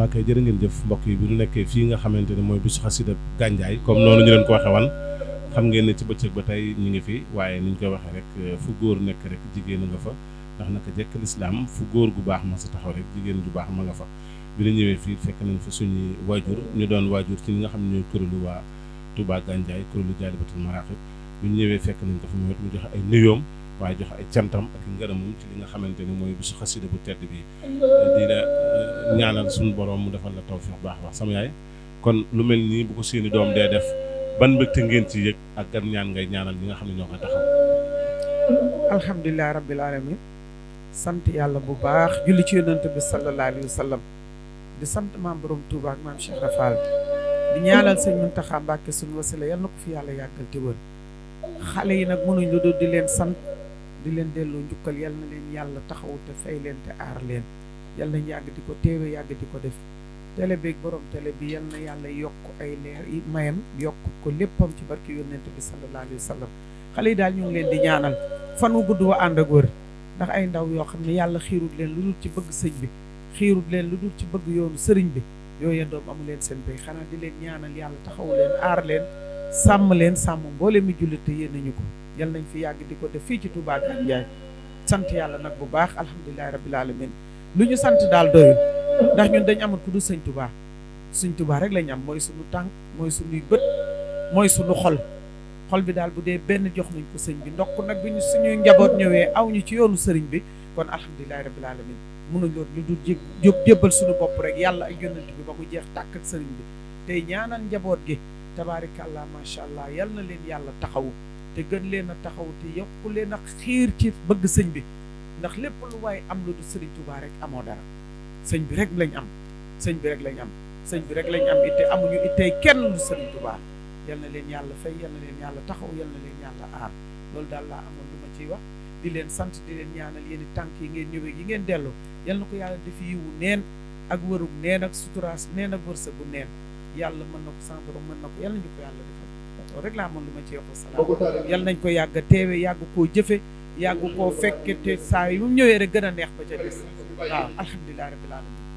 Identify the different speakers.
Speaker 1: waa kay jërë ngeen jëf mbokk yi bi ñu nekkee fii nga xamante ne mooy bisu xasida gànjaay comme noonu ñu leen ko waxee wan xam ngeen ne ci bëccëg ba tey ñu ngi fi waaye ni koy waxee rek euh, fu góor nekk rek jigéen nga fa ndax naka jekk lislaam fu góor gu baax ma sa taxaw rek jigéen gu baax ma nga fa bi ñu ñëwee fii fekk nañ fa suñuy waajur ñu doon waajur ci ñi nga xam ne ñooy kuréelu waa Touba Gandiaye kuréelu Jaalibatul Maraaxib bi ñu ñëwee fekk nañ ko fi mu joxe ay nuyoom waaye joxe ay cantam ak ngërëmam ci li nga xamante ne mooy bisu xasida bu tedd bi ñaanal suñu borom mu defal la tawfiix baax baax sama yaay kon lu mel nii bu ko doom dee def ban mbégte ngeen ci ak gan ñaan ngay nga xam ne ñoo koy taxaw
Speaker 2: alhamdulilah sant yàlla bu baax julli ci yonent bi sallallahu di sant maam borom Touba ak maam Cheikh Rafal di ñaanal sëñ Muntaxa Mbàkke suñu wasila yal na ko fi yàlla yàggal te xale yi nag mënuñ lu dul di leen sant di leen delloo njukkal yal na leen yàlla taxawu te leen te aar leen yal nañ yàgg di ko teewe yàgg di ko def télé beeg borom télé bi yal na yàlla yokk ay leer yi mayam yokk ko léppam ci barki yónnent bi sallallahu alayhi wa sallam xale yi daal ñu ngi leen di ñaanal fan wu gudd wa ànd ak wër ndax ay ndaw yoo xam ne yàlla xiirut leen lu dul ci bëgg sëñ bi xiirut leen lu dul ci bëgg yoonu sëriñ bi yooyu doom amu leen seen bay xanaa di leen ñaanal yàlla taxawu leen aar leen sàmm leen sàmm mboole mi jullit te yéen ñu ko yal nañ fi yàgg di ko def fii ci Touba Gandiaye sant yàlla nag bu baax alhamdulilahi rabbil alamin lu ñu sant daal doyul ndax ñu dañ amul ku dul sëñ tubaa sëñ tubaa rek lañ am mooy suñu tànk mooy suñuy bët mooy suñu xol xol bi daal bu dee benn jox nañ ko sëñ bi ndokk nag bi ñu suñuy njaboot ñëwee aw ñu ci yoonu sëriñ bi kon alhamdulilahi rabbil alamin mënuñ loolu lu dul jé jébbal suñu bopp rek yàlla ay yonent bi ba mu jeex tàkk ak sëriñ bi tey ñaanal njaboot gi tabaarikàllaa macha allah yal na leen yàlla taxawu te gën leen a taxawu te yokk leen a xiir ci bëgg sëñ bi ndax lépp lu waaye am lu du Serigne Touba rek amoon dara sëñ bi rek lañ am sëñ bi rek lañ am sëñ bi rek lañ am itte amuñu ittey kenn lu Serigne Touba yal na leen yàlla fay yal na leen yàlla taxaw yal na leen yàlla aar loolu daal laa amoon lu ma ciy wax di leen sant di leen ñaanal tànk yi ngeen ñëwee yi ngeen delloo yal ko yàlla defi yiwu neen ak wërug neen ak suturaas neen ak wërsëg bu neen yàlla mën na ko sama borom mën na ko yal nañu ko yàlla defal rek laa amoon lu ma ciy wax salaam nañ ko yàgg teewe yàgg koo jëfe yàgg koo fekkete saa yu ñëwee rek gën a neex ko ca des waaw alhamdulilah rabbil alamin